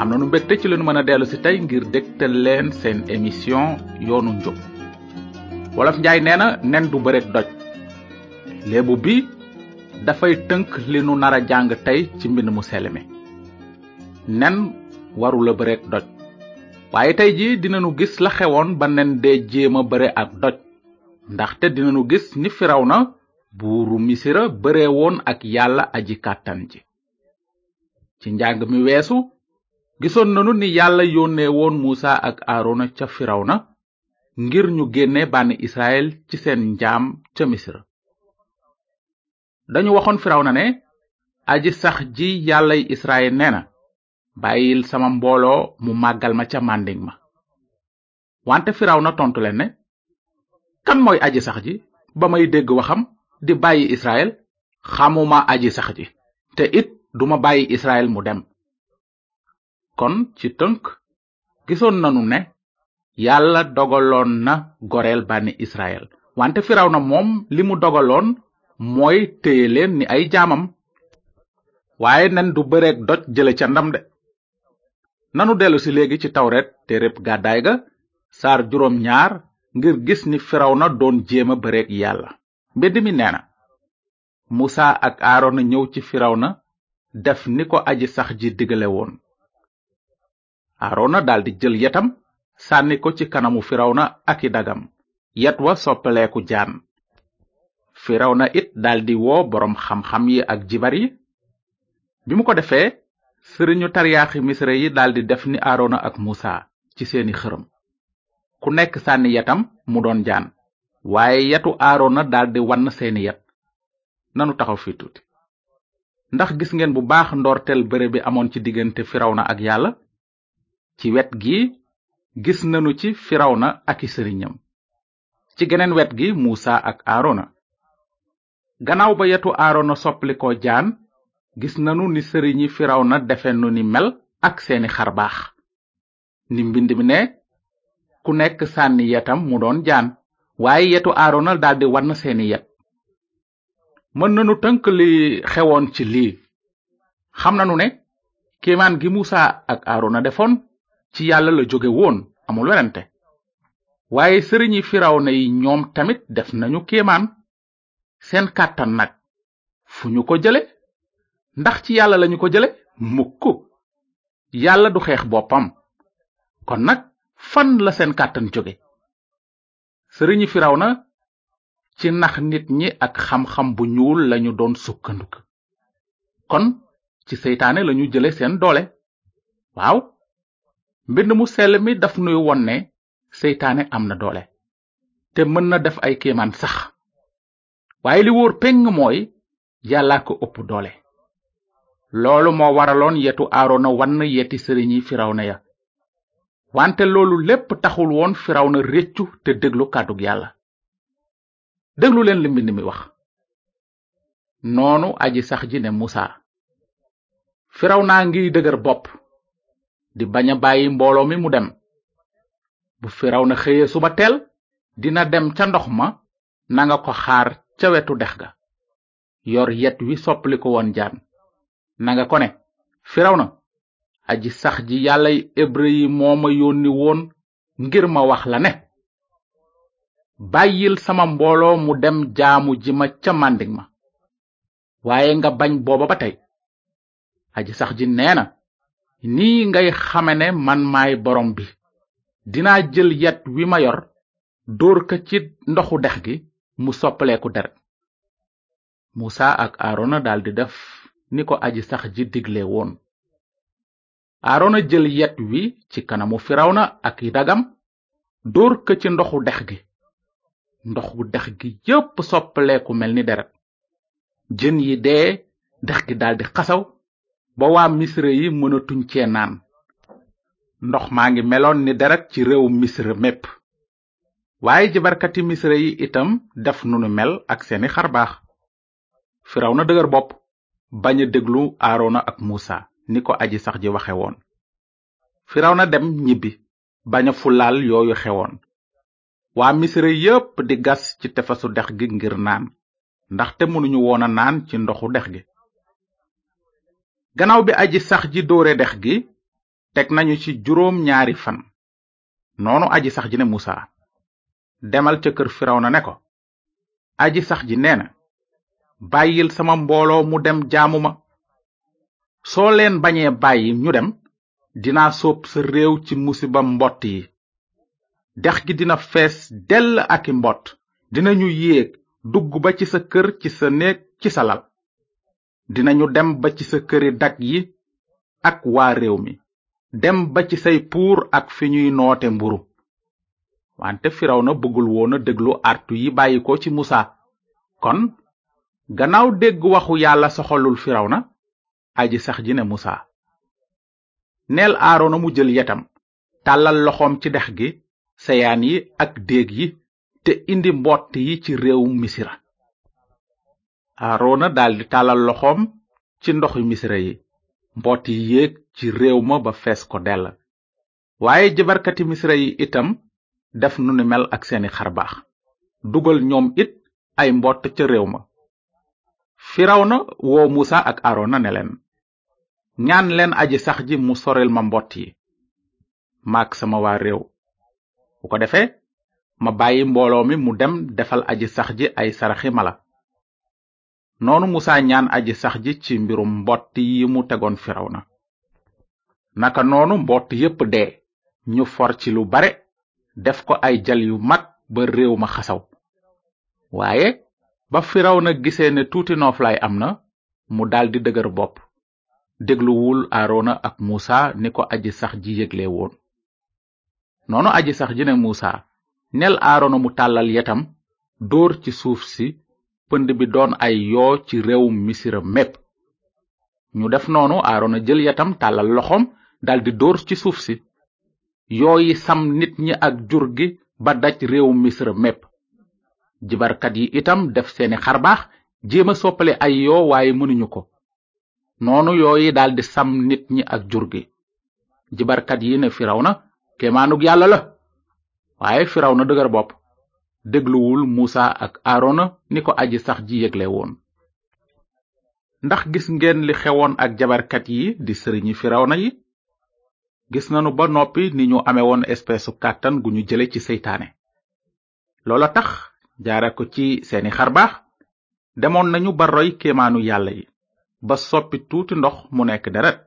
am na nu mbégte ci lañu mën a dellu si tey ngir dégtal leen seen émission yoonu njub wolof njaay nee na nen du bëreeg doj léebu bi dafay tënk li nu nar a jàng tey ci mbind mu sell mi nen warula bëreeg doj waaye tey ji dinañu gis la xewoon ba nen dee jéem a bëre ak doj ndaxte dinañu gis ni na buuru misira bëre woon ak yàlla aji kàttan ji ci njàng mi weesu gisoon nanu ni yàlla yónnee woon muusa ak aarona ca na ngir ñu génne bànni israel ci seen njaam ca misra dañu waxoon na ne aji sax ji yàllay israel nee na bàyyil sama mbooloo mu màggal ma ca màndiŋ ma wante na tontu leen ne kan mooy aji sax ji ba may dégg waxam di bàyyi israel xamuma aji sax ji te it duma bàyyi israel mu dem kon ci tënk gisoon nanu ne yàlla dogaloon na goreel bànni israel wante na moom li mu dogaloon mooy téye leen ni ay jaamam waaye nen du bëreeg doj jële ca ndam de nanu dellu si léegi ci tawret te réb gàddaay ga saar juróom ñaar ngir gis ni na doon jéema bëreeg yàlla mbind mi nee na musa ak aarona ñëw ci firaw na def ni ko aji sax ji digale woon aarona daldi jël yetam sànni ko ci kanamu firawna i dagam yet wa soppeleeku jaan firawna it daldi woo boroom xam-xam yi ak jibar yi bi mu ko defee sëriñu tariyaaxi misra yi daldi def ni aarona ak muusa ci seeni xërëm ku nekk sànni yetam mu doon jaan waaye yetu aarona daldi wann seeni yet nanu taxaw fi tuuti ndax gis ngeen bu baax ndoorteel bëre bi amoon ci diggante firawna ak yàlla ci wet gi gis nanu ci firawna aki sëriñam ci geneen wet gi muusa ak aarona gannaaw ba yetu aarona soppli ko jaan gis nanu ni sëriñi firawna defe nu ni mel ak seeni xarbaax ni mbind mi ne ku nekk sànni yetam mu doon jaan waaye yetu aarona daldi wann seeni yet mën nanu tënk li xewoon ci lii xam nanu ne kéemaan gi muusa ak aarona defoon ci yàlla la jóge woon amul werante waaye sëriñi na yi ñoom tamit def nañu kéemaan seen kàttan nag fu ñu ko jële ndax ci yàlla lañu ko jële mukk yàlla du xeex boppam kon nag fan la seen kàttan jóge sëriñi na ci nax nit ñi ak xam-xam bu ñuul lañu doon sukkanduk kon ci seytaane lañu jële seen doole waaw mbind mu sell mi daf nuy won ne seytaane am na doole te mën na def ay kéemaan sax waaye li wóor peng mooy yàllaa ko ëpp doole loolu moo waraloon yetu aarona wann yeti sëriñi na ya wante loolu lépp taxul woon na réccu te déglu kàddug yàlla déglu leen li mbind mi wax noonu aji sax ji ne firaw naa ngi dëgër bopp di bañ a bàyyi mbooloo mi mu dem bu firaw na xëyee suba teel dina dem ca ndox ma nanga ko xaar ca wetu dex ga yor yet wi soppali ko woon jaan nanga ko ne firaw na aji sax ji yàlla hébreu yi moo ma yónni woon ngir ma wax la ne bàyyil sama mbooloo mu dem jaamu ji ma ca màndig ma waaye nga bañ booba ba tey aji sax ji neena nii ngay xame ne man maay borom bi dinaa jël yet wi ma yor dóor ko ci ndoxu dex gi mu soppaleeku deret musa ak aarona daldi def ni ko aji sax ji digle woon aarona jël yet wi ci kanamu firaw na ak i dóor ko ci ndoxu dex gi ndoxu dex gi yépp soppaleeku mel ni deret jën yi dee dex gi daldi xasaw ba waa misra yi mënatuñ cee naan ndox maa ngi meloon ni deret ci réew misra mépp waaye jabarkati misra yi itam def nunu mel ak seeni xarbaax na dëgër bopp bañ a déglu aarona ak muusa ni ko aji sax ji waxe woon firaw na dem ñibbi bañ fu laal yooyu xewoon waa misra yépp di gas ci tefesu dex gi ngir naan ndax te mënuñu woon a naan ci ndoxu dex gi gannaaw bi aji sax ji dóore dex gi teg nañu ci juróom ñaari fan noonu aji sax ji ne musa demal ca kër na ne ko aji sax ji nee na bàyyil sama mbooloo mu dem jaamu ma soo leen bañee bàyyi ñu dem dinaa sóob sa réew ci musiba mbott yi dex gi dina fees dell aki i mbott dinañu yéeg dugg ba ci sa kër ci sa néeg ci sa lal dinañu dem ba ci sa këri dagg yi ak waa réew mi dem ba ci say puur ak fi ñuy noote mburu wante firaw na bëggul woona déglu artu yi bàyyi ko ci musa kon gannaaw dégg waxu yàlla soxalul na aji sax ji ne musa neel aarona mu jël yetam tàllal loxoom ci dex gi seyaan yi ak déeg yi te indi mbott yi ci réewum misira aarona daldi tàllal loxoom ci ndoxi misra yi mboot yi yéeg ci réew ma ba fees ko dell waaye jabarkati misra yi itam def nu ni mel ak seeni xarbaax dugal ñoom it ay mbott ca réew ma na woo musa ak aarona ne leen ñaan leen aji sax ji mu sorel ma mbott yi maak sama waa réew bu ko defee ma bàyyi mbooloo mi mu dem defal aji sax ji ay saraxi mala noonu musa ñaan aji sax ji ci mbirum mbott yi mu tegoon na naka noonu mbott yépp dee ñu for ci lu bare def ko ay jal yu mag ba réew ma xasaw waaye ba firawna gisee ne tuuti nooflaay am na mu daldi dëgër bopp dégluwul aarona ak muusa ni ko aji sax ji yégle woon noonu aji sax ji ne muusa nel aarona mu tàllal yetam dóor ci suuf si pënd bi doon ay yoo ci réewum misira mépp ñu def noonu aarona jël yatam tàllal loxoom daldi dóor ci suuf si yoo yi sam nit ñi ak jur gi ba daj réew misira mépp jibarkat yi itam def seeni xarbaax jéem a soppale ay yoo waaye mënuñu ko noonu yi daldi sam nit ñi ak jur gi jibarkat yi ne firawna kéemaanug yàlla la waaye firawna dëgër bopp dégluwul muusa ak aarona ni ko aji sax ji yégle woon ndax gis ngeen li xewoon ak jabarkat yi di sëriñi na yi gis nanu ba noppi ni ñu ame woon espeesu kàttan gu ñu jële ci seytaane loola tax jaare ko ci seeni xarbaax demoon nañu ba roy yàlla yi ba soppi tuuti ndox mu nekk deret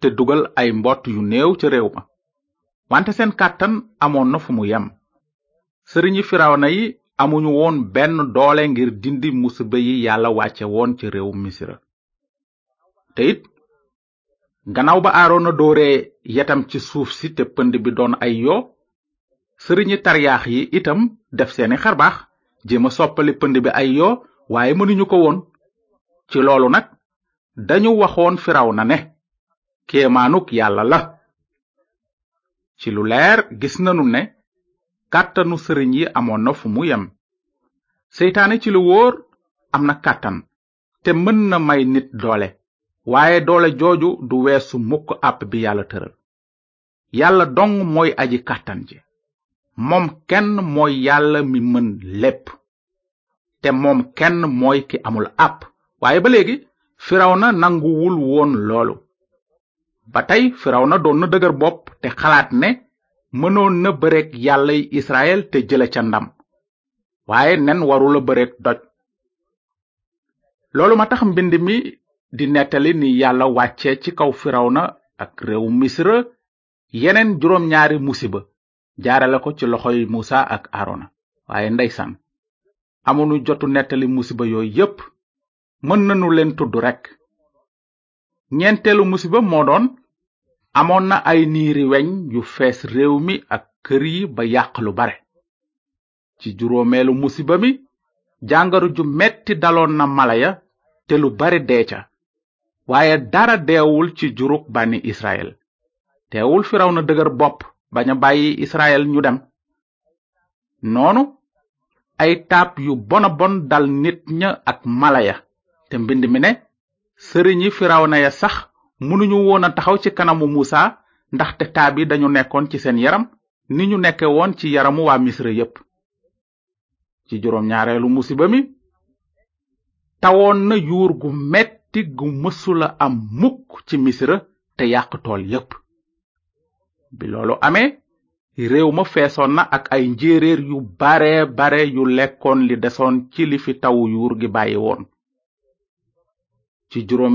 te dugal ay mbott yu néew ca réew ma wante seen kàttan amoon na fu mu yem sëriñi firawna yi amuñu woon benn doole ngir dindi musiba yi yàlla wàcce woon ci réew misira te it gannaaw ba aarona dooree yetam ci suuf si te pënd bi doon ay yoo sëriñi tariyaax yi itam def seeni xarbaax jéem a soppali pënd bi ay yoo waaye mënuñu ko woon ci loolu nag dañu waxoon firawna ne kéemaanuk yàlla la ci lu leer gis nanu ne kàttanu sëriñ yi amoon na fu mu yem seytaane ci lu wóor am na kàttan te mën na may nit doole waaye doole jooju du weesu mukk àpp bi yàlla tëral yàlla dong mooy aji kàttan ji moom kenn mooy yàlla mi mën lépp te moom kenn mooy ki amul àpp waaye ba léegi na nanguwul woon loolu ba tey na doon na dëgër bopp te xalaat ne mënoon na bëreeg yàllay israel te jële ca ndam waaye nen warula bëreeg doj loolu ma tax mbind mi di nettali ni yàlla wàcce ci kaw firawna ak réew misra yeneen juróom ñaari musiba jaarale ko ci loxo yi musa ak arona waaye ndeysaan amunu jotu nettali musiba yooyu yépp mën nanu leen tudd rekk ñeenteelu musiba moo doon amoon na ay niiri weñ yu fees réew mi ak kër yi ba yàq lu bare ci juróomeelu musiba mi jàngaru ju metti daloon na mala ya te lu bare dee ca waaye dara deewul ci jurug bànni israel teewul firaw na dëgër bopp ba a bàyyi israel ñu dem noonu ay taab yu bona bon dal nit ña ak mala ya te mbind mi ne sëriñi firaw na ya sax mënuñu woon a taxaw ci kanamu muusa ndaxte taab yi dañu nekkoon ci seen yaram ni ñu nekke woon ci yaramu waa misra yépp ci juróom ñaareelu musiba mi tawoon na yuur gu metti mësula am mukk ci misra te yàq tool yépp loolu amee réew feesoon na ak ay njéeréer yu bare yu lekkoon li desoon ci li fi gi bàyyi woon ci juróom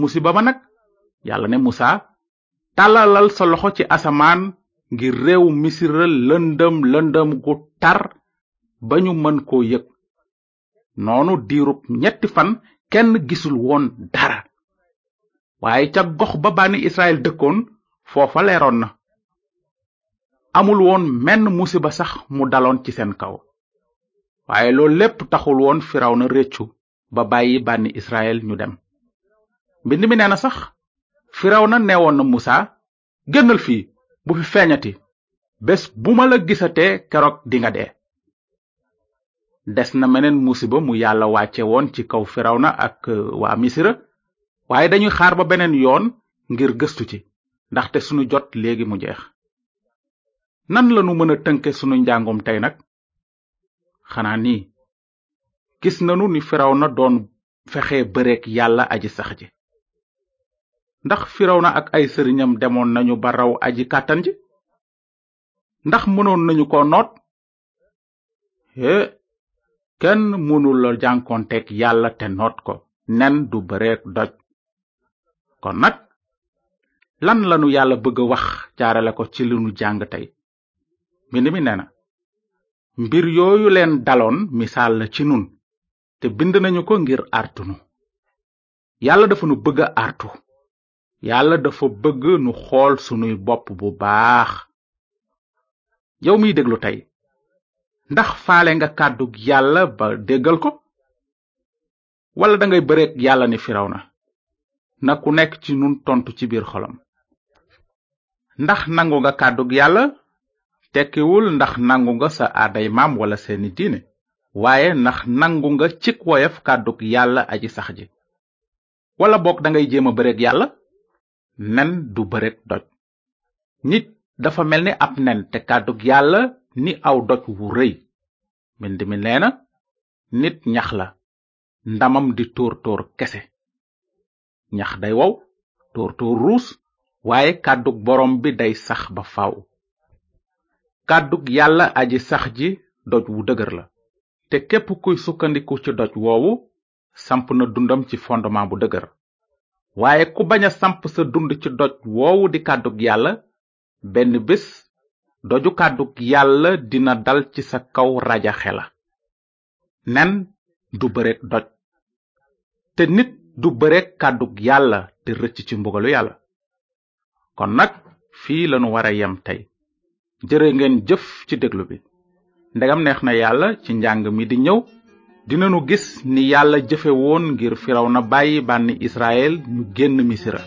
musiba ma nag yàlla ne musa tàllalal sa loxo ci asamaan ngir réew misira lëndëm lëndëm gu tar ba ñu mën koo yëg noonu diiru ñetti fan kenn gisul woon dara waaye ca gox ba bànni israel dëkkoon foofa leeroon na amul woon menn musiba sax mu daloon ci seen kaw waaye loolu lépp taxul woon firawna réccu ba bàyyi bànni israel ñu dem mbind mi nee sax firawna neewoon na musa génnal fii bu fi feeñati bés bu ma la gisatee keroog dinga dee des na meneen musiba mu yàlla wàcce woon ci kaw firawna ak euh, waa misira waaye dañuy xaar ba beneen yoon ngir gëstu ci ndaxte sunu jot léegi mu jeex nan lanu mën a tënke sunu njàngum tey nag xanaa nii gis nanu ni firawna doon fexe bëreek yàlla aji sax ji ndax firaw na ak ay sëriñam demoon nañu ba raw aji kàttan ji ndax mënoon nañu ko noot é kenn mënula jànkoonteeg yàlla te noot ko nen du bëreek doj kon nag lan lanu yàlla bëgg a wax jaarale ko ci li nu jàng tey mbind mi nee mbir yooyu leen daloon misaal la ci nun te bind nañu ko ngir artunu yàlla dafa nu bëgg artu yàlla dafa bëgg nu xool sunuy bopp bu baax yow miy déglu tey ndax faale nga kàddug yàlla ba déggal ko wala dangay bëreeg yàlla ni firaw na na ku nekk ci nun tontu ci biir xolam ndax nangu nga kàddu yàlla tekkiwul ndax nangu nga sa aaday maam wala seeni diine waaye ndax nangu nga cik woyof kàddu yàlla aji sax ji wala boog dangay jéem a yàlla nen du bërek nit dafa mel ni ab nen te kàddug yàlla ni aw doj wu rëy mbind mi neena nit ñax la ndamam di tóor tóor kese ñax day wow tóor tóor ruus waaye kàddug boroom bi day sax ba faw kàddug yàlla aji sax ji doj wu dëgër la te képp kuy sukkandiku ci doj woowu samp na dundam ci fondement bu dëgër waaye ku bañ a samp sa dund ci doj woowu di kàddug yàlla benn bés doju kàddug yàlla dina dal ci sa kaw rajaxe la nen du bëreek doj te nit du bëreek kàddug yàlla te rëcc ci mbugalu yàlla kon nag fii lanu war a yem tey jërë ngeen jëf ci déglu bi ndegam neex na yàlla ci njàng mi di ñëw dinanu gis ni yàlla jëfe woon ngir firaw na bàyyi bànni israel ñu génn misira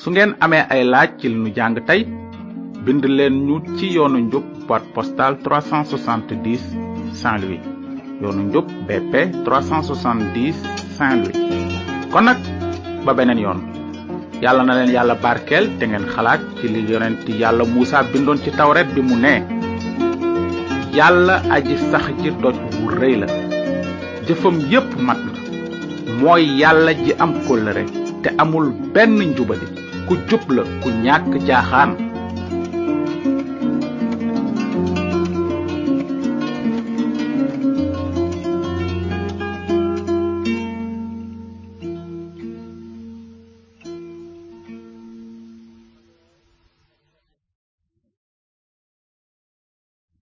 su ngeen amee ay laaj ci li nu jàng tey bind leen ñu ci yoonu njub boîte postale 370 Saint-Louis yoonu njub BP 370 Saint-Louis kon nag ba beneen yoon yàlla na leen yàlla barkeel te ngeen xalaat ci li yonent yàlla Muusa bindoon ci tawret bi mu ne yàlla aji sax ji doj wu rëy la jëfam yépp mat na mooy yàlla ji am kóllëre te amul benn njubadi ku jub la ku ñàkk jaaxaan